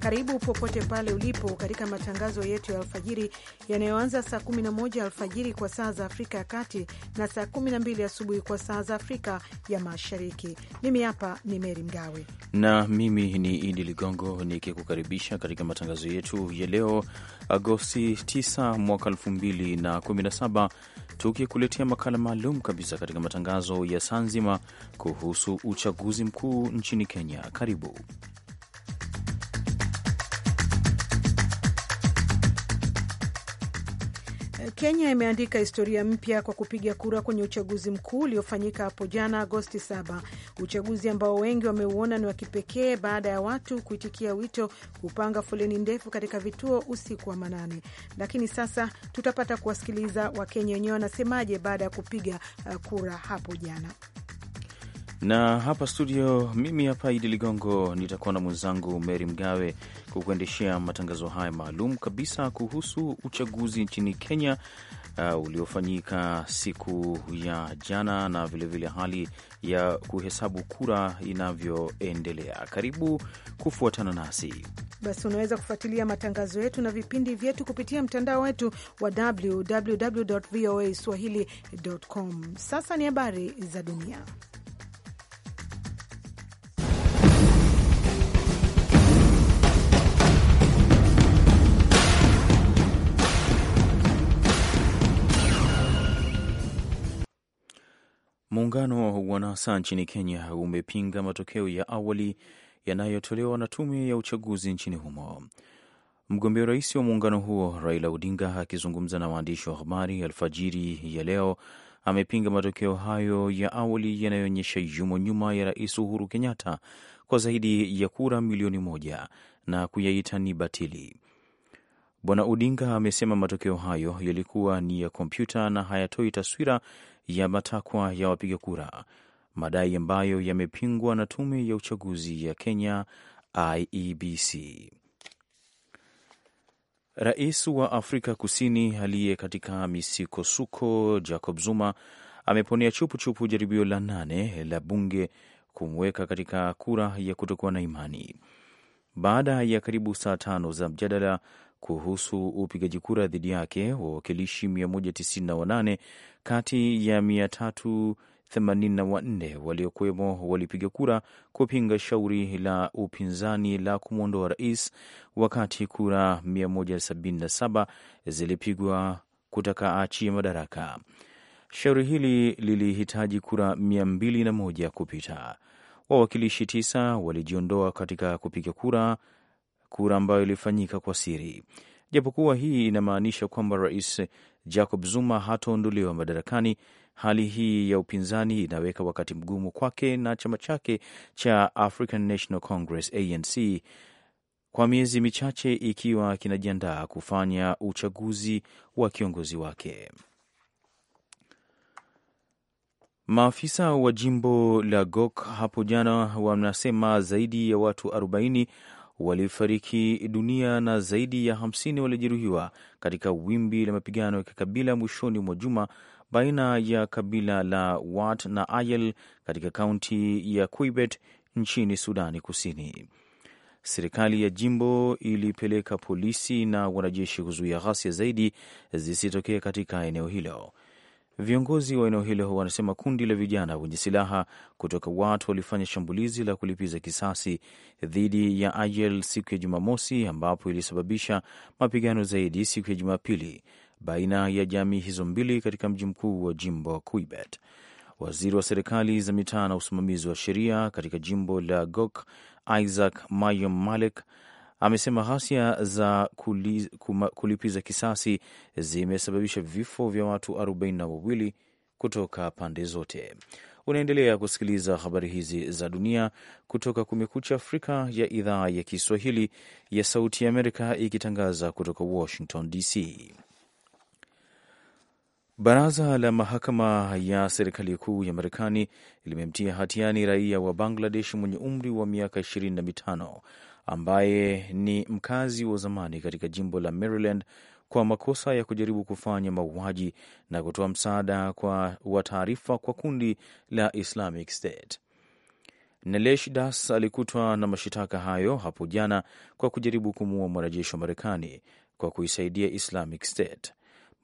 Karibu popote pale ulipo katika matangazo yetu ya alfajiri yanayoanza saa 11 alfajiri kwa saa za Afrika ya Kati na saa 12 asubuhi kwa saa za Afrika ya Mashariki. Mimi hapa ni Meri Mgawe na mimi ni Idi Ligongo nikikukaribisha katika matangazo yetu ya leo Agosti 9 mwaka 2017 tukikuletea makala maalum kabisa katika matangazo ya saa nzima kuhusu uchaguzi mkuu nchini Kenya. Karibu. Kenya imeandika historia mpya kwa kupiga kura kwenye uchaguzi mkuu uliofanyika hapo jana Agosti 7, uchaguzi ambao wengi wameuona ni wa kipekee baada ya watu kuitikia wito kupanga foleni ndefu katika vituo usiku wa manane. Lakini sasa tutapata kuwasikiliza Wakenya wenyewe wanasemaje baada ya kupiga uh, kura hapo jana. Na hapa studio, mimi hapa Idi Ligongo nitakuwa na mwenzangu Meri Mgawe kukuendeshea matangazo haya maalum kabisa kuhusu uchaguzi nchini Kenya uh, uliofanyika siku ya jana na vilevile vile hali ya kuhesabu kura inavyoendelea. Karibu kufuatana nasi basi. Unaweza kufuatilia matangazo yetu na vipindi vyetu kupitia mtandao wetu wa www voa swahili.com. Sasa ni habari za dunia. Muungano wa NASA nchini Kenya umepinga matokeo ya awali yanayotolewa na tume ya uchaguzi nchini humo. Mgombea rais wa muungano huo Raila Odinga akizungumza na waandishi wa habari alfajiri ya leo amepinga matokeo hayo ya awali yanayoonyesha yumo nyuma ya Rais Uhuru Kenyatta kwa zaidi ya kura milioni moja na kuyaita ni batili. Bwana Odinga amesema matokeo hayo yalikuwa ni ya kompyuta na hayatoi taswira ya matakwa ya wapiga kura, madai ambayo yamepingwa na tume ya uchaguzi ya Kenya IEBC. Rais wa Afrika Kusini aliye katika misukosuko Jacob Zuma ameponea chupuchupu jaribio la nane la bunge kumweka katika kura ya kutokuwa na imani. Baada ya karibu saa tano za mjadala kuhusu upigaji kura dhidi yake wawakilishi 198 kati ya 384 waliokuwemo walipiga kura kupinga shauri la upinzani la kumwondoa rais, wakati kura 177 zilipigwa kutaka achie madaraka. Shauri hili lilihitaji kura 201 kupita. Wawakilishi tisa walijiondoa katika kupiga kura kura ambayo ilifanyika kwa siri. Japokuwa hii inamaanisha kwamba rais Jacob Zuma hataondoliwa madarakani, hali hii ya upinzani inaweka wakati mgumu kwake na chama chake cha African National Congress ANC kwa miezi michache ikiwa kinajiandaa kufanya uchaguzi wa kiongozi wake. Maafisa wa jimbo la Gok hapo jana wanasema zaidi ya watu walifariki dunia na zaidi ya 50 walijeruhiwa katika wimbi la mapigano ya kikabila mwishoni mwa juma baina ya kabila la Wat na Ayel katika kaunti ya Kuibet nchini Sudani Kusini. Serikali ya jimbo ilipeleka polisi na wanajeshi kuzuia ghasia zaidi zisitokee katika eneo hilo. Viongozi wa eneo hilo wanasema kundi la vijana wenye silaha kutoka watu walifanya shambulizi la kulipiza kisasi dhidi ya Ayel siku ya Jumamosi, ambapo ilisababisha mapigano zaidi siku ya Jumapili baina ya jamii hizo mbili katika mji mkuu wa jimbo Quibet. Waziri wa serikali za mitaa na usimamizi wa sheria katika jimbo la Gok, Isaac Mayom Malek, amesema ghasia za kuma, kulipiza kisasi zimesababisha vifo vya watu arobaini na wawili kutoka pande zote. Unaendelea kusikiliza habari hizi za dunia kutoka Kumekucha Afrika ya idhaa ya Kiswahili ya Sauti ya Amerika ikitangaza kutoka Washington DC. Baraza la mahakama ya serikali kuu ya Marekani limemtia hatiani raia wa Bangladesh mwenye umri wa miaka ishirini na mitano ambaye ni mkazi wa zamani katika jimbo la Maryland kwa makosa ya kujaribu kufanya mauaji na kutoa msaada kwa wa taarifa kwa kundi la Islamic State. Nelesh Das alikutwa na mashitaka hayo hapo jana kwa kujaribu kumuua mwanajeshi wa Marekani kwa kuisaidia Islamic State.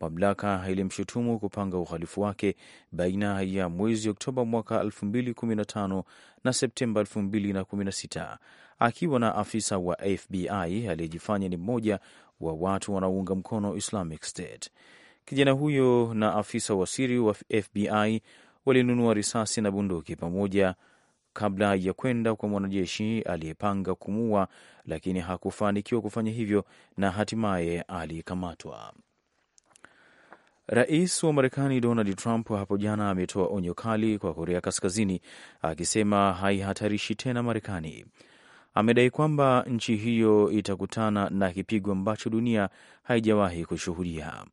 Mamlaka ilimshutumu kupanga uhalifu wake baina ya mwezi Oktoba mwaka 2015 na Septemba 2016 akiwa na afisa wa FBI aliyejifanya ni mmoja wa watu wanaounga mkono Islamic State. Kijana huyo na afisa wa siri wa FBI walinunua risasi na bunduki pamoja kabla ya kwenda kwa mwanajeshi aliyepanga kumua, lakini hakufanikiwa kufanya hivyo na hatimaye alikamatwa. Rais wa Marekani Donald Trump hapo jana ametoa onyo kali kwa Korea Kaskazini akisema haihatarishi tena Marekani amedai kwamba nchi hiyo itakutana na kipigo ambacho dunia haijawahi kushuhudia.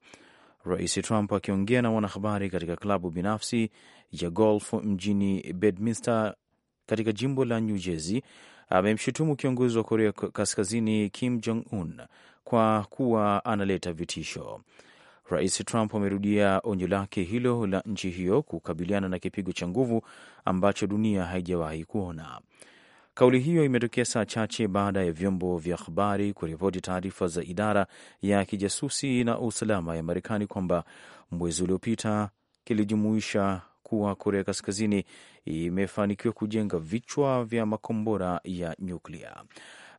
Rais Trump akiongea na wanahabari katika klabu binafsi ya golf mjini Bedminster katika jimbo la New Jersey amemshutumu kiongozi wa Korea Kaskazini Kim Jong Un kwa kuwa analeta vitisho. Rais Trump amerudia onyo lake hilo la nchi hiyo kukabiliana na kipigo cha nguvu ambacho dunia haijawahi kuona. Kauli hiyo imetokea saa chache baada ya vyombo vya habari kuripoti taarifa za idara ya kijasusi na usalama ya Marekani kwamba mwezi uliopita kilijumuisha kuwa Korea Kaskazini imefanikiwa kujenga vichwa vya makombora ya nyuklia.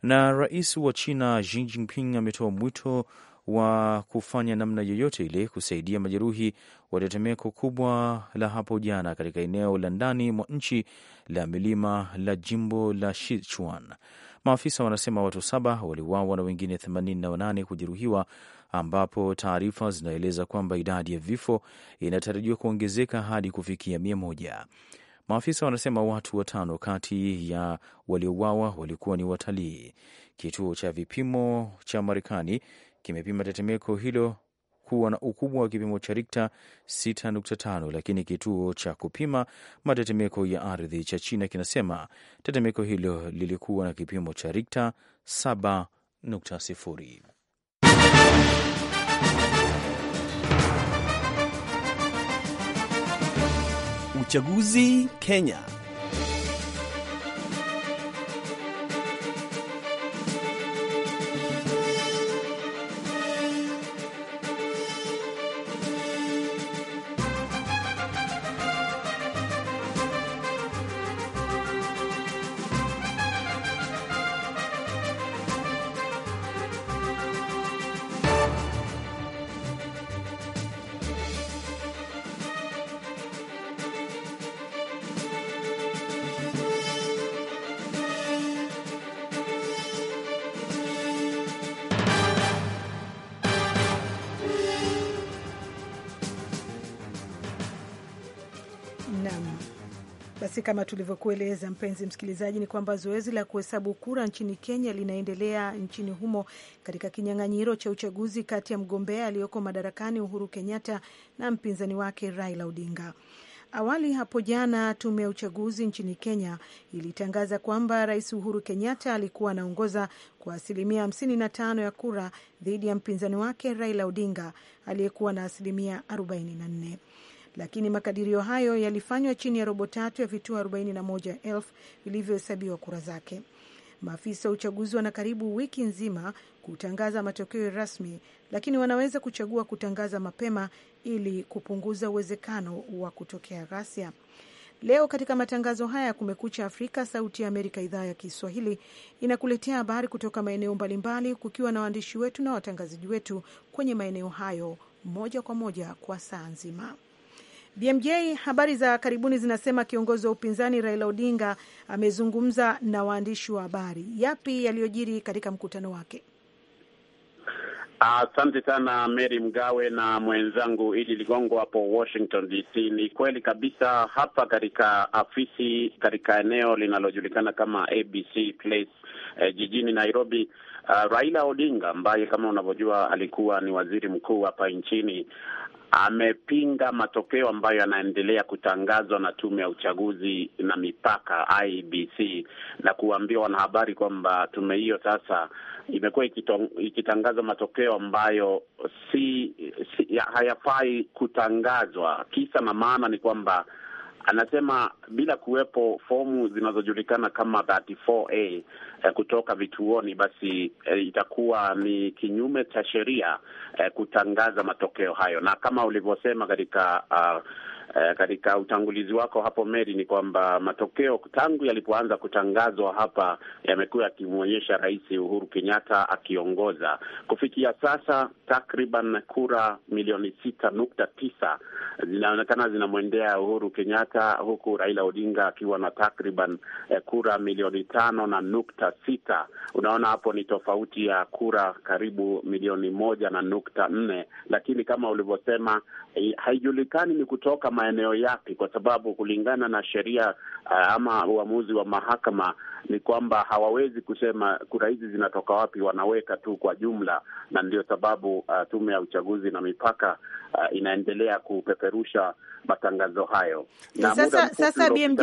Na rais wa China Xi Jinping ametoa mwito wa kufanya namna yoyote ile kusaidia majeruhi wa tetemeko kubwa la hapo jana katika eneo la ndani mwa nchi la milima la jimbo la Sichuan. Maafisa wanasema watu saba waliuawa na wengine 88 kujeruhiwa, ambapo taarifa zinaeleza kwamba idadi ya vifo inatarajiwa kuongezeka hadi kufikia mia moja. Maafisa wanasema watu watano kati ya waliouawa walikuwa ni watalii. Kituo cha vipimo cha Marekani kimepima tetemeko hilo kuwa na ukubwa wa kipimo cha Rikta 6.5, lakini kituo cha kupima matetemeko ya ardhi cha China kinasema tetemeko hilo lilikuwa na kipimo cha Rikta 7.0. Uchaguzi Kenya. Naam. Basi kama tulivyokueleza mpenzi msikilizaji, ni kwamba zoezi la kuhesabu kura nchini Kenya linaendelea nchini humo katika kinyang'anyiro cha uchaguzi kati ya mgombea aliyoko madarakani Uhuru Kenyatta na mpinzani wake Raila Odinga. Awali hapo jana, tume ya uchaguzi nchini Kenya ilitangaza kwamba Rais Uhuru Kenyatta alikuwa anaongoza kwa asilimia 55 ya kura dhidi ya mpinzani wake Raila Odinga aliyekuwa na asilimia 44 lakini makadirio hayo yalifanywa chini ya robo tatu ya vituo 41,000 vilivyohesabiwa kura zake. Maafisa wa uchaguzi wana karibu wiki nzima kutangaza matokeo rasmi, lakini wanaweza kuchagua kutangaza mapema ili kupunguza uwezekano wa kutokea ghasia. Leo katika matangazo haya ya Kumekucha Afrika, Sauti ya Amerika idhaa ya Kiswahili inakuletea habari kutoka maeneo mbalimbali, kukiwa na waandishi wetu na watangazaji wetu kwenye maeneo hayo, moja kwa moja kwa saa nzima. BMJ, habari za karibuni zinasema kiongozi wa upinzani Raila Odinga amezungumza na waandishi wa habari. Yapi yaliyojiri katika mkutano wake? Asante uh, sana Mary Mgawe na mwenzangu Idi Ligongo hapo Washington DC. Ni kweli kabisa, hapa katika afisi katika eneo linalojulikana kama ABC Place eh, jijini Nairobi. Uh, Raila Odinga ambaye kama unavyojua alikuwa ni waziri mkuu hapa nchini amepinga matokeo ambayo yanaendelea kutangazwa na tume ya uchaguzi na mipaka IBC na kuambia wanahabari kwamba tume hiyo sasa imekuwa ikitangaza matokeo ambayo si, si hayafai kutangazwa. Kisa na maana ni kwamba Anasema bila kuwepo fomu zinazojulikana kama 34A eh, kutoka vituoni, basi eh, itakuwa ni kinyume cha sheria eh, kutangaza matokeo hayo, na kama ulivyosema katika uh, Uh, katika utangulizi wako hapo Meri, ni kwamba matokeo tangu yalipoanza kutangazwa hapa yamekuwa yakimwonyesha Rais Uhuru Kenyatta akiongoza kufikia sasa. Takriban kura milioni sita nukta tisa zinaonekana zinamwendea Uhuru Kenyatta, huku Raila Odinga akiwa na takriban eh, kura milioni tano na nukta sita. Unaona hapo ni tofauti ya kura karibu milioni moja na nukta nne, lakini kama ulivyosema, eh, haijulikani ni kutoka maeneo yapi, kwa sababu kulingana na sheria uh, ama uamuzi wa mahakama ni kwamba hawawezi kusema kura hizi zinatoka wapi, wanaweka tu kwa jumla, na ndio sababu uh, tume ya uchaguzi na mipaka uh, inaendelea kupeperusha matangazo hayo na sasa, sasa, BMJ,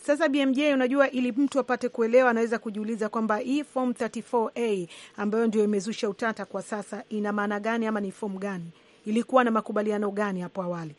sasa BMJ, unajua ili mtu apate kuelewa, anaweza kujiuliza kwamba hii form 34A ambayo ndio imezusha utata kwa sasa ina maana gani ama ni fomu gani? Ilikuwa na makubaliano gani hapo awali?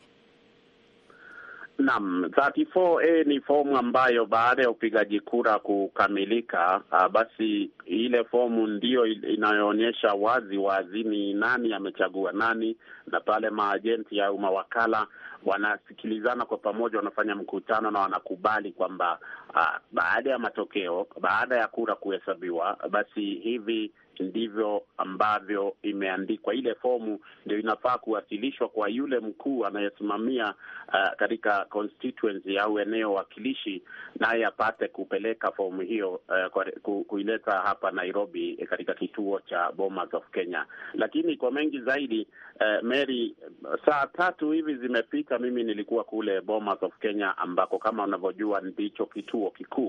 Naam, 34A ni fomu ambayo baada ya upigaji kura kukamilika, a, ah, basi ile fomu ndiyo inayoonyesha wazi wazi ni nani amechagua nani, na pale maajenti au mawakala wanasikilizana kwa pamoja, wanafanya mkutano na wanakubali kwamba ah, baada ya matokeo, baada ya kura kuhesabiwa, basi hivi ndivyo ambavyo imeandikwa. Ile fomu ndio inafaa kuwasilishwa kwa yule mkuu anayesimamia uh, katika constituency au eneo wakilishi, naye apate kupeleka fomu hiyo uh, kuileta hapa Nairobi katika kituo cha Bomas of Kenya. Lakini kwa mengi zaidi uh, Mary, saa tatu hivi zimepita, mimi nilikuwa kule Bomas of Kenya ambako kama unavyojua ndicho kituo kikuu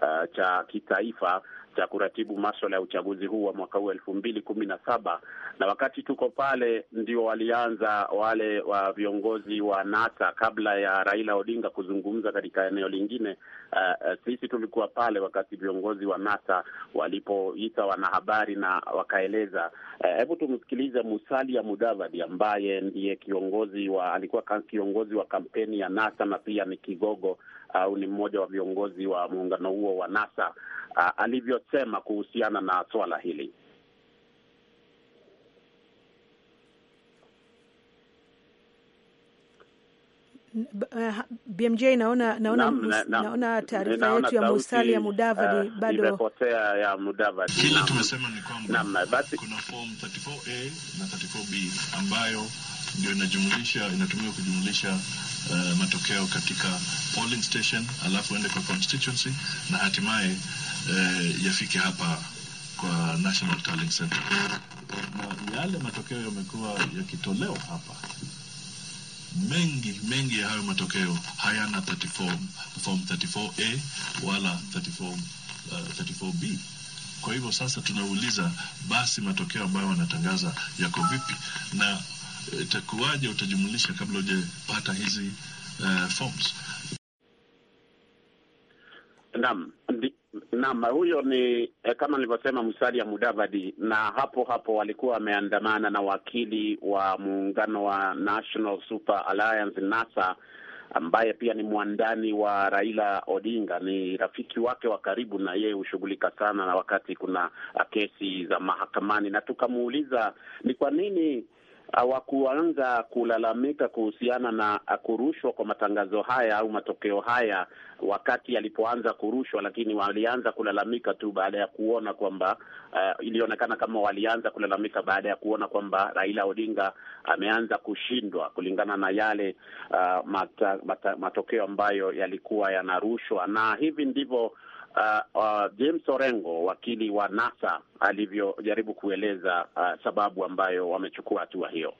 uh, cha kitaifa cha kuratibu maswala ya uchaguzi huu wa mwaka huu elfu mbili kumi na saba. Na wakati tuko pale, ndio walianza wale wa viongozi wa NASA kabla ya Raila Odinga kuzungumza katika eneo lingine. Uh, sisi tulikuwa pale wakati viongozi wa NASA walipoita wanahabari na wakaeleza. Eh, hebu uh, tumsikilize Musalia Mudavadi ambaye ndiye kiongozi wa alikuwa kiongozi wa kampeni ya NASA na pia ni kigogo au ni mmoja wa viongozi wa muungano huo wa NASA uh, alivyosema kuhusiana na swala hili. BMJ eh, naona naona naona taarifa yetu ya Musali ya Mudavadi bado imepotea ya Mudavadi. Kile tumesema ni kwamba kuna form 34A na 34B ambayo ndio inajumlisha inatumika kujumlisha Eh, matokeo katika polling station, alafu ende kwa constituency na hatimaye uh, yafike hapa kwa National Tallying Center. Na yale matokeo yamekuwa yakitolewa hapa mengi mengi ya hayo matokeo hayana 34, form 34A wala 34, uh, 34B. Kwa hivyo sasa tunauliza basi matokeo ambayo wanatangaza yako vipi? na Eh, itakuwaje utajumulisha kabla hujapata hizi uh, forms? Naam, naam, huyo ni eh, kama nilivyosema Musalia Mudavadi, na hapo hapo walikuwa wameandamana na wakili wa muungano wa National Super Alliance NASA, ambaye pia ni mwandani wa Raila Odinga, ni rafiki wake wa karibu, na yeye hushughulika sana na wakati kuna ah, kesi za mahakamani, na tukamuuliza ni kwa nini hawakuanza kulalamika kuhusiana na kurushwa kwa matangazo haya au matokeo haya wakati yalipoanza kurushwa, lakini walianza kulalamika tu baada ya kuona kwamba uh, ilionekana kama walianza kulalamika baada ya kuona kwamba Raila Odinga ameanza kushindwa kulingana na yale uh, mata, mata, matokeo ambayo yalikuwa yanarushwa, na hivi ndivyo uh, uh, James Orengo, wakili wa NASA, alivyojaribu kueleza uh, sababu ambayo wamechukua hatua hiyo.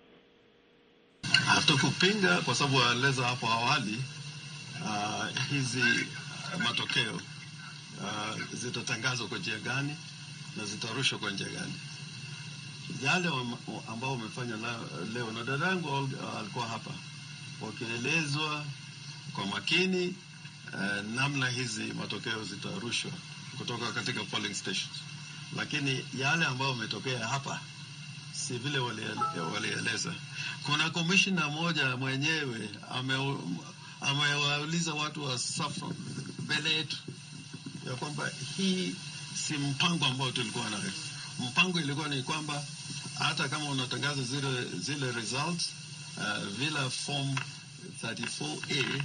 Hatukupinga kwa sababu aeleza hapo awali uh, hizi matokeo uh, zitatangazwa kwa njia gani na zitarushwa kwa njia gani yale ambao wamefanya leo, na dadangu alikuwa hapa wakielezwa kwa makini eh, namna hizi matokeo zitarushwa kutoka katika polling stations, lakini yale ambayo ametokea hapa si vile walieleza. Kuna komishina moja mwenyewe amewauliza ame watu wa safu mbele yetu ya kwamba hii si mpango ambao tulikuwa nayo. Mpango ilikuwa ni kwamba hata kama unatangaza zile, zile results uh, eh, vile form 34A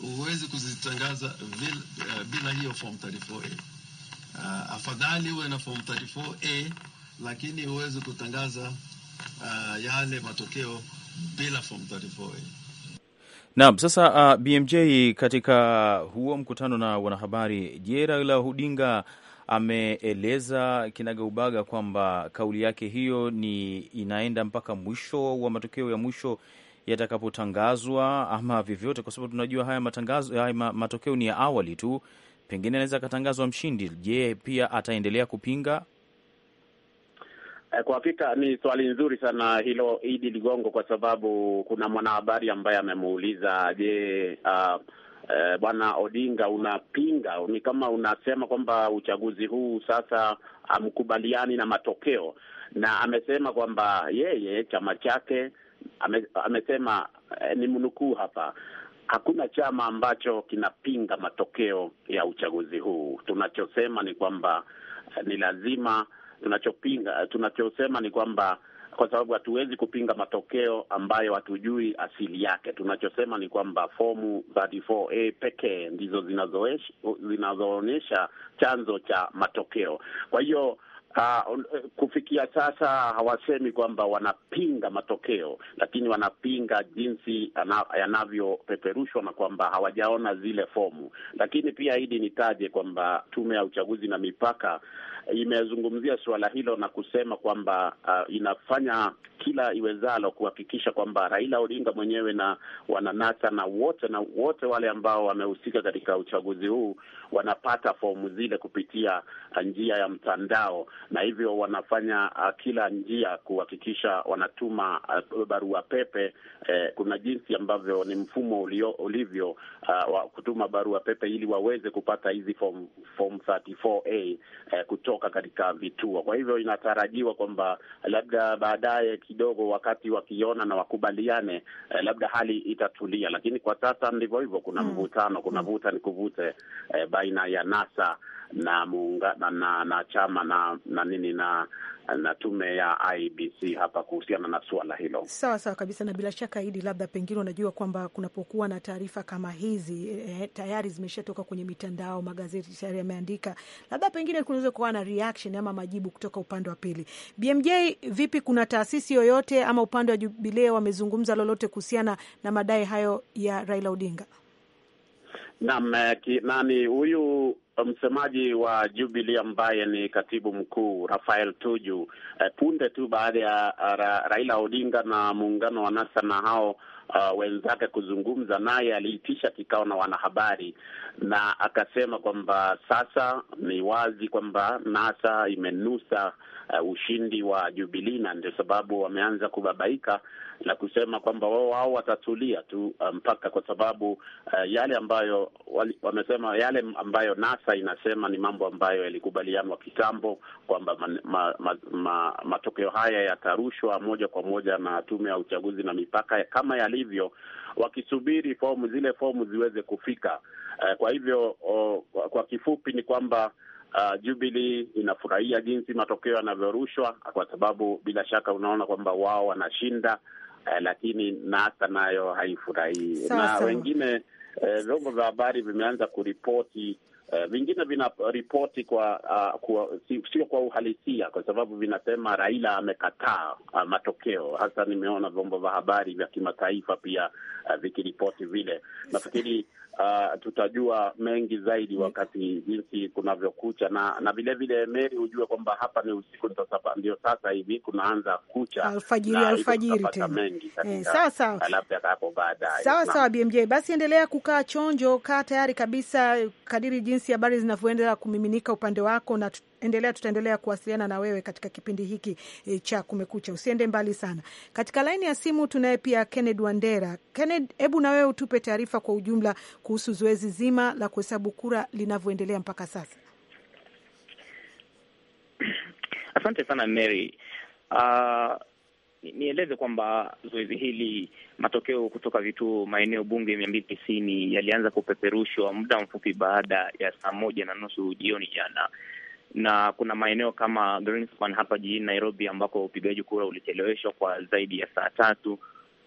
huwezi kuzitangaza eh, bila hiyo form 34A. Uh, eh, afadhali uwe na form 34A lakini huwezi kutangaza uh, yale matokeo bila form 34A. Naam, sasa uh, BMJ katika huo mkutano na wanahabari, je, Raila Odinga ameeleza kinagaubaga kwamba kauli yake hiyo ni inaenda mpaka mwisho wa matokeo ya mwisho yatakapotangazwa ama vyovyote, kwa sababu tunajua haya matangazo, haya matokeo ni ya awali tu, pengine anaweza akatangazwa mshindi. Je, pia ataendelea kupinga? Eh, kwa hakika ni swali nzuri sana hilo, Idi Ligongo, kwa sababu kuna mwanahabari ambaye amemuuliza je, uh, uh, bwana Odinga, unapinga? Ni kama unasema kwamba uchaguzi huu sasa hamkubaliani na matokeo, na amesema kwamba yeye chama chake ame, amesema eh, ni mnukuu hapa Hakuna chama ambacho kinapinga matokeo ya uchaguzi huu. Tunachosema ni kwamba eh, ni lazima, tunachopinga, eh, tunachosema ni kwamba, kwa sababu hatuwezi kupinga matokeo ambayo hatujui asili yake. Tunachosema ni kwamba fomu 34A pekee ndizo zinazoonyesha chanzo cha matokeo. Kwa hiyo Ha, ah, eh, kufikia sasa hawasemi kwamba wanapinga matokeo, lakini wanapinga jinsi yanavyopeperushwa na kwamba hawajaona zile fomu. Lakini pia hidi nitaje kwamba tume ya uchaguzi na mipaka imezungumzia suala hilo na kusema kwamba uh, inafanya kila iwezalo kuhakikisha kwamba Raila Odinga mwenyewe na wananata na wote na wote wale ambao wamehusika katika uchaguzi huu wanapata fomu zile kupitia uh, njia ya mtandao, na hivyo wanafanya uh, kila njia kuhakikisha wanatuma uh, barua pepe eh, kuna jinsi ambavyo ni mfumo ulio, ulivyo uh, wa kutuma barua pepe ili waweze kupata hizi form, form 34A eh, uh, kutoa kutoka katika vituo. Kwa hivyo inatarajiwa kwamba labda baadaye kidogo, wakati wakiona na wakubaliane, eh, labda hali itatulia, lakini kwa sasa ndivyo hivyo, kuna hmm. mvutano, kuna hmm. vuta ni kuvute eh, baina ya NASA na muungana na, na chama na na nini na na tume ya IBC hapa kuhusiana na suala hilo. Sawa sawa kabisa, na bila shaka Idi, labda pengine unajua kwamba kunapokuwa na taarifa kama hizi eh, eh tayari zimeshatoka kwenye mitandao, magazeti tayari yameandika, labda pengine kunaweza kuwa na reaction ama majibu kutoka upande wa pili. BMJ, vipi, kuna taasisi yoyote ama upande wa Jubilee wamezungumza lolote kuhusiana na madai hayo ya Raila Odinga? Naam, eh, nani huyu msemaji wa Jubilee ambaye ni katibu mkuu Rafael Tuju eh, punde tu baada ya eh, ra, Raila Odinga na muungano wa NASA na hao uh, wenzake kuzungumza naye, aliitisha kikao na wanahabari na akasema kwamba sasa ni wazi kwamba NASA imenusa uh, ushindi wa Jubilee na ndio sababu wameanza kubabaika na kusema kwamba wao wao watatulia tu uh, mpaka, um, kwa sababu uh, yale ambayo wali, wamesema yale ambayo NASA inasema ni mambo ambayo yalikubalianwa kitambo kwamba ma, ma, ma, ma, matokeo haya yatarushwa moja kwa moja na tume ya uchaguzi na mipaka kama yalivyo, wakisubiri fomu zile fomu ziweze kufika. Uh, kwa hivyo oh, kwa kifupi ni kwamba Uh, Jubilee inafurahia jinsi matokeo yanavyorushwa, kwa sababu bila shaka unaona kwamba wao wanashinda eh, lakini NASA nayo haifurahii so, na so. Wengine eh, vyombo eh, vya habari vimeanza kuripoti eh, vingine vinaripoti kwa, uh, kwa sio si kwa uhalisia, kwa sababu vinasema Raila amekataa uh, matokeo. Hasa nimeona vyombo vya habari vya kimataifa pia uh, vikiripoti vile nafikiri uh, tutajua mengi zaidi wakati jinsi kunavyokucha, na na vilevile Meri, hujue kwamba hapa ni usiku, ndio sasa hivi kunaanza kucha alfajiri, alfajiri tena eh, labda hapo baadaye. Sawa sawa, BMJ, basi endelea kukaa chonjo, kaa tayari kabisa kadiri jinsi habari zinavyoendelea kumiminika upande wako na endelea, tutaendelea kuwasiliana na wewe katika kipindi hiki e, cha Kumekucha. Usiende mbali sana. Katika laini ya simu tunaye pia Kenneth Wandera. Kenneth, hebu na wewe utupe taarifa kwa ujumla kuhusu zoezi zima la kuhesabu kura linavyoendelea mpaka sasa. Asante sana Mary. Uh, nieleze kwamba zoezi hili, matokeo kutoka vituo maeneo bunge mia mbili tisini yalianza kupeperushwa muda mfupi baada ya saa moja na nusu jioni jana, na kuna maeneo kama Greenspan hapa jijini Nairobi ambako upigaji kura ulicheleweshwa kwa zaidi ya saa tatu.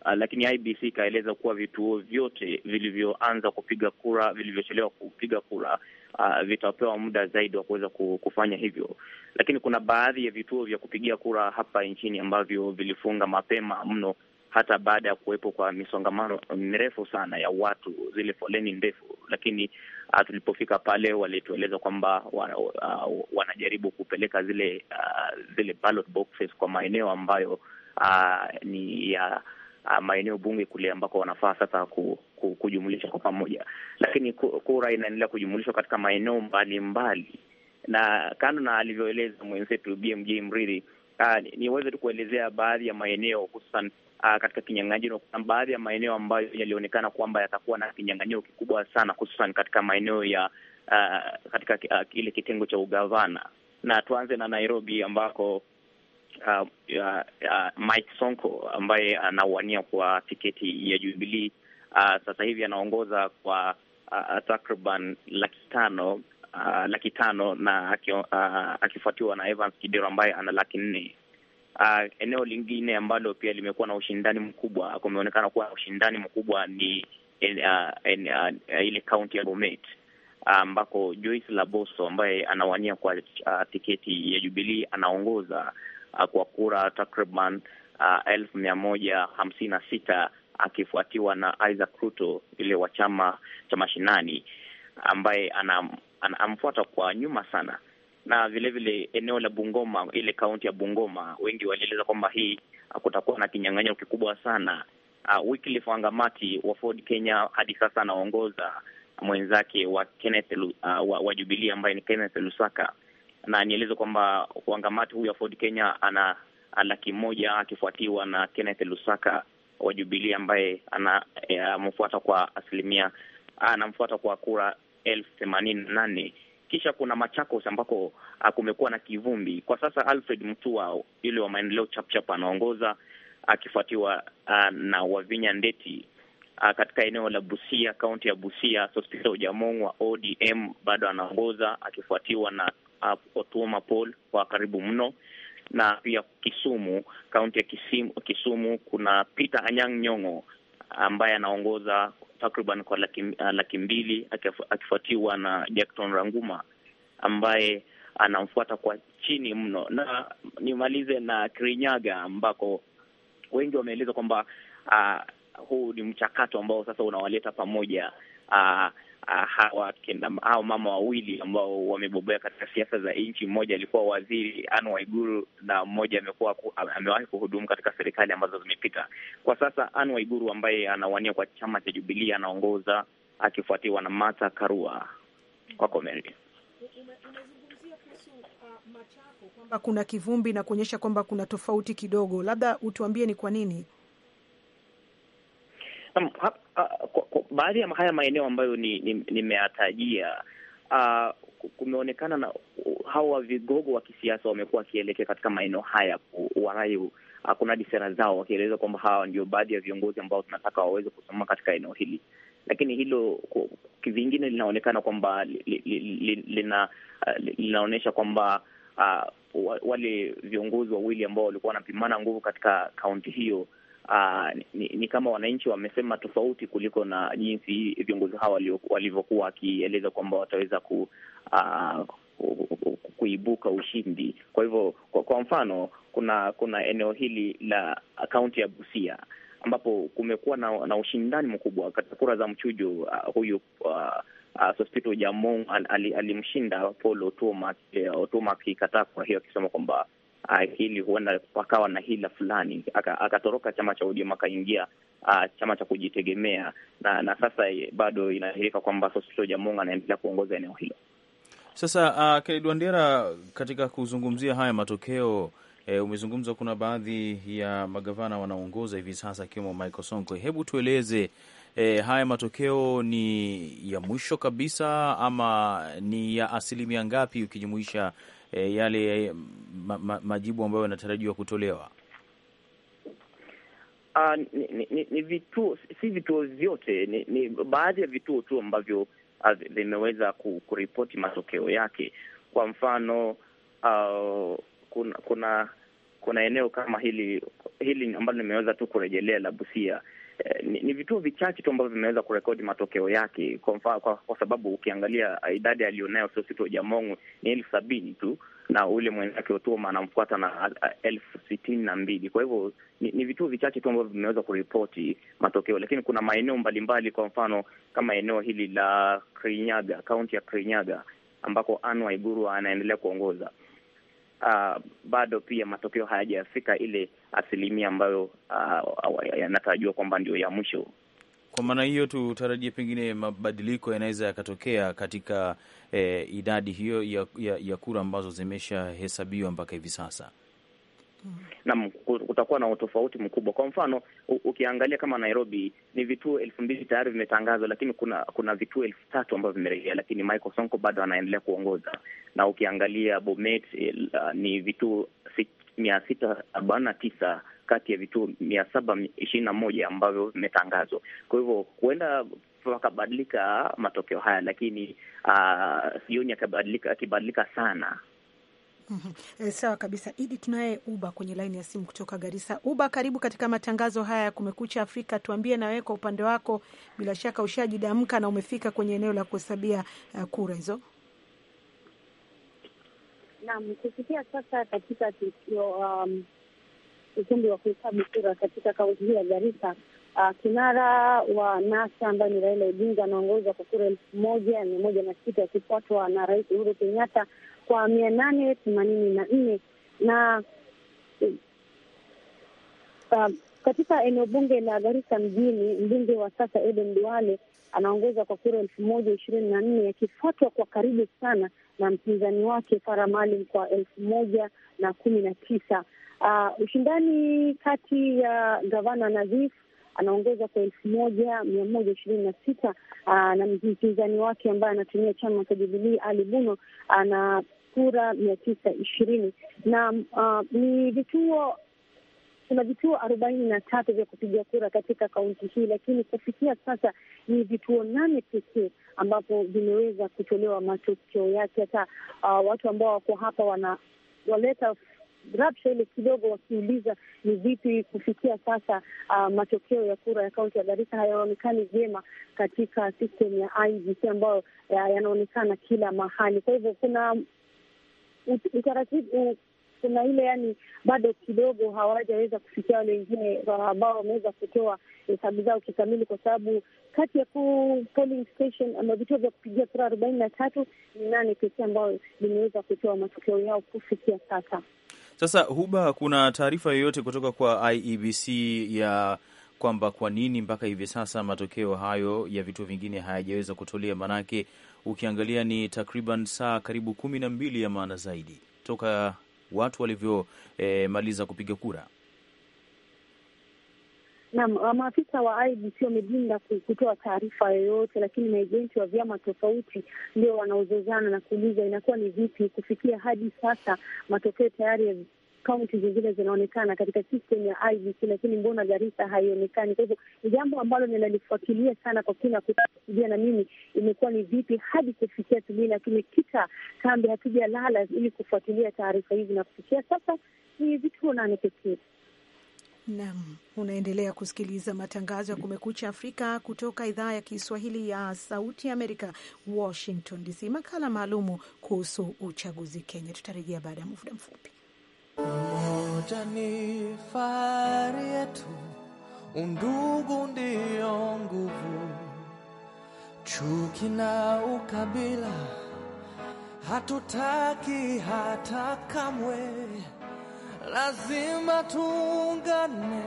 Uh, lakini IBC ikaeleza kuwa vituo vyote vilivyoanza kupiga kura, vilivyochelewa kupiga kura uh, vitapewa muda zaidi wa kuweza kufanya hivyo. Lakini kuna baadhi ya vituo vya kupigia kura hapa nchini ambavyo vilifunga mapema mno, hata baada ya kuwepo kwa misongamano mirefu sana ya watu, zile foleni ndefu lakini uh, tulipofika pale walitueleza kwamba wa, uh, wanajaribu kupeleka zile uh, zile ballot boxes kwa maeneo ambayo uh, ni ya uh, maeneo bunge kule ambako wanafaa sasa ku, ku, kujumulisha kwa pamoja, lakini kura inaendelea kujumulishwa katika maeneo mbalimbali, na kando na alivyoeleza mwenzetu BMJ Mridhi, niweze tu kuelezea baadhi ya maeneo hususan uh, katika kinyang'anyiro. Kuna baadhi ya maeneo ambayo yalionekana kwamba yatakuwa na kinyang'anyiro kikubwa sana, hususan katika maeneo ya uh, katika uh, kile kitengo cha ugavana, na tuanze na Nairobi ambako Uh, uh, uh, Mike Sonko ambaye anawania kwa tiketi ya Jubilee uh, sasa hivi anaongoza kwa uh, takriban laki tano uh, laki tano na uh, akifuatiwa na Evans Kidero ambaye ana laki nne. Uh, eneo lingine ambalo pia limekuwa na ushindani mkubwa, kumeonekana kuwa na ushindani mkubwa ni uh, uh, ile kaunti ya Bomet ambako uh, Joyce Laboso ambaye anawania kwa uh, tiketi ya jubilii anaongoza uh, kwa kura takriban uh, elfu mia moja hamsini na sita akifuatiwa na Isaac Ruto ile wa chama cha Mashinani ambaye anamfuata ana, kwa nyuma sana na vilevile vile eneo la Bungoma, ile kaunti ya Bungoma, wengi walieleza kwamba hii ah, kutakuwa na kinyang'anyiro kikubwa sana. Uh, ah, Wycliffe Wangamati wa Ford Kenya hadi sasa anaongoza mwenzake wa Kenneth uh, wa, wa Jubilee ambaye ni Kenneth Lusaka, na nieleze kwamba Wangamati huyu wa Ford Kenya ana laki moja akifuatiwa na Kenneth Lusaka wa Jubilee ambaye anamfuata eh, kwa asilimia anamfuata kwa kura elfu themanini na nane kisha kuna Machakos ambako ah, kumekuwa na kivumbi kwa sasa. Alfred Mutua yule wa maendeleo Chapchap anaongoza akifuatiwa ah, na Wavinya Ndeti. uh, katika eneo la Busia, kaunti ya Busia, Sospita Ojamong wa ODM bado anaongoza akifuatiwa na Otuoma Paul kwa karibu mno, na pia Kisumu, kaunti ya Kisimu, Kisumu kuna Peter Anyang' Nyong'o ambaye anaongoza takriban kwa laki, uh, laki mbili akifuatiwa na Jackton Ranguma ambaye anamfuata kwa chini mno, na nimalize na Kirinyaga ambako wengi wameeleza kwamba uh, huu ni mchakato ambao sasa unawaleta pamoja uh, Ah, hawa kina hao mama wawili ambao wamebobea katika siasa za nchi. Mmoja alikuwa waziri Anne Waiguru na mmoja amekuwa amewahi kuhudumu katika serikali ambazo zimepita. Kwa sasa Anne Waiguru ambaye anawania kwa chama cha Jubilia anaongoza akifuatiwa na Martha Karua. Kwako Mary. Uh, kwamba kuna kivumbi na kuonyesha kwamba kuna tofauti kidogo, labda utuambie ni kwa nini? baadhi ya haya maeneo ambayo nimeyatajia ni, ni uh, kumeonekana na uh, hawa vigogo wa kisiasa wamekuwa wakielekea katika maeneo haya kuwarai uh, ah, kunadi sera zao, wakieleza kwamba hawa ndio baadhi ya viongozi ambao tunataka waweze kusimama katika eneo hili, lakini hilo vingine linaonekana kwamba lina ah, linaonyesha kwamba uh, wale viongozi wawili ambao walikuwa wanapimana nguvu katika kaunti hiyo aa, ah, ni, ni kama wananchi wamesema tofauti kuliko na jinsi viongozi hawa walivyokuwa wakieleza kwamba wataweza ku aa, ah, kuibuka ushindi. Kwa hivyo kwa, kwa mfano kuna kuna eneo hili la kaunti ya Busia ambapo kumekuwa na, na ushindani mkubwa katika kura za mchujo. Uh, huyu uh, Uh, Sospito Jamong alimshinda al, al, Paul Otuoma eh, akikataa kwa hiyo akisema kwamba hili huenda wakawa na hila fulani, akatoroka aka chama cha ODM akaingia uh, chama cha kujitegemea, na na sasa e, bado inadhihirika kwamba Sosilo anaendelea kuongoza eneo hilo. Sasa uh, Kennedy Wandera, katika kuzungumzia haya matokeo e, umezungumza kuna baadhi ya magavana wanaongoza hivi sasa akiwemo Michael Sonko, hebu tueleze e, haya matokeo ni ya mwisho kabisa ama ni ya asilimia ngapi ukijumuisha e, yale eh, ma, ma, majibu ambayo yanatarajiwa kutolewa? Uh, ni, ni, ni, ni vituo, si vituo vyote, ni, ni baadhi ya vituo tu ambavyo ah, vimeweza kuripoti matokeo yake. Kwa mfano uh, kuna kuna kuna eneo kama hili hili ambalo nimeweza tu kurejelea la Busia Eh, ni, ni vituo vichache tu ambavyo vimeweza kurekodi matokeo yake kwa, mfa, kwa, kwa sababu ukiangalia eh, idadi aliyonayo sito Jamong ni elfu sabini tu na ule mwenzake Otoma anamfuata na elfu sitini na mbili. Kwa hivyo ni, ni vituo vichache tu ambavyo vimeweza kuripoti matokeo, lakini kuna maeneo mbalimbali, kwa mfano kama eneo hili la Kirinyaga, kaunti ya Kirinyaga ambako Anne Waiguru anaendelea kuongoza. Uh, bado pia matokeo hayajafika ile asilimia ambayo ah, yanatarajiwa kwamba ndio ya mwisho. Kwa maana hiyo tutarajie pengine mabadiliko yanaweza yakatokea katika e, idadi hiyo ya, ya, ya kura ambazo zimeshahesabiwa mpaka hivi sasa. Naam, kutakuwa na utofauti mkubwa. Kwa mfano, ukiangalia kama Nairobi ni vituo elfu mbili tayari vimetangazwa, lakini kuna kuna vituo elfu tatu ambavyo vimerejea, lakini Michael Sonko bado anaendelea kuongoza. Na ukiangalia Bomet, uh, ni vituo mia sita arobaini na tisa kati ya vituo mia saba ishirini na moja ambavyo vimetangazwa. Kwa hivyo huenda wakabadilika matokeo haya, lakini uh, sioni akibadilika sana. Mm -hmm. E, sawa kabisa Idi. Tunaye Uba kwenye laini ya simu kutoka Garisa. Uba, karibu katika matangazo haya ya Kumekucha Afrika. Tuambie na wewe kwa upande wako, bila shaka ushajidamka na umefika kwenye eneo la kuhesabia uh, kura hizo. Naam, kufikia sasa katika tukio um, ukumbi wa kuhesabu kura katika kaunti hii ya Garissa, uh, kinara wa NASA ambaye ni Raila Odinga anaongoza kwa kura elfu moja mia moja na sita akifuatwa na Rais Uhuru Kenyatta kwa mia nane themanini na nne na uh, katika eneo bunge la Garissa mjini, mbunge wa sasa eden Duale anaongoza kwa kura elfu moja ishirini na nne akifuatwa kwa karibu sana na mpinzani wake Farah Maalim kwa elfu moja na kumi na tisa. Uh, ushindani kati ya uh, gavana Nadhif anaongoza kwa elfu moja mia moja ishirini na sita ah, na mpinzani wake ambaye anatumia chama cha Jubilii Ali Buno ana kura mia tisa ishirini na uh, ni vituo kuna vituo arobaini na tatu vya kupiga kura katika kaunti hii, lakini kufikia sasa ni vituo nane pekee ambapo vimeweza kutolewa matokeo yake. Hata uh, watu ambao wako hapa wanawaleta rabsha ile kidogo, wakiuliza ni vipi kufikia sasa uh, matokeo ya kura ya kaunti ya Garissa hayaonekani vyema katika system ya IEBC ambayo uh, yanaonekana kila mahali. Kwa hivyo kuna utaratibu kuna ile yani bado kidogo hawajaweza kufikia wale wengine ambao wameweza kutoa hesabu zao kikamili, kwa sababu kati ya polling station ama vituo vya kupigia kura arobaini na tatu ni nane pekee ambayo limeweza kutoa matokeo yao kufikia sasa. Sasa Huba, kuna taarifa yoyote kutoka kwa IEBC ya kwamba kwa nini mpaka hivi sasa matokeo hayo ya vituo vingine hayajaweza kutolea? Maanake ukiangalia ni takriban saa karibu kumi na mbili ya maana zaidi toka watu walivyomaliza eh, e, kupiga kura? Naam, uh, maafisa wa IEBC wamejinda kutoa taarifa yoyote, lakini maejenti wa vyama tofauti ndio wanaozozana na kuuliza inakuwa ni vipi kufikia hadi sasa matokeo tayari kaunti zingine zinaonekana katika system ya IBC, lakini mbona Garissa haionekani? Kwa hivyo ni jambo ambalo ninalifuatilia sana kwa kina kuia na mimi imekuwa ni vipi hadi kufikia lakini tumekita kambi, hatujalala ili kufuatilia taarifa hizi, na kufikia sasa ni vituo nane pekee. Naam, unaendelea kusikiliza matangazo ya Kumekucha Afrika kutoka idhaa ya Kiswahili ya Sauti ya Amerika, Washington DC. Makala maalumu kuhusu uchaguzi Kenya, tutarejea baada ya muda mfupi. Umoja ni fahari yetu, undugu ndiyo nguvu. Chuki na ukabila hatutaki hata kamwe. Lazima tuungane,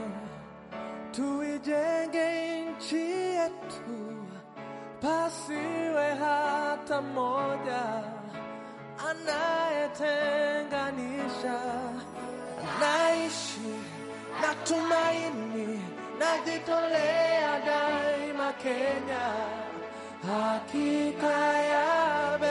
tuijenge nchi yetu, pasiwe hata moja anayetenganisha, anaishi na tumaini, najitolea daima Kenya, hakika ya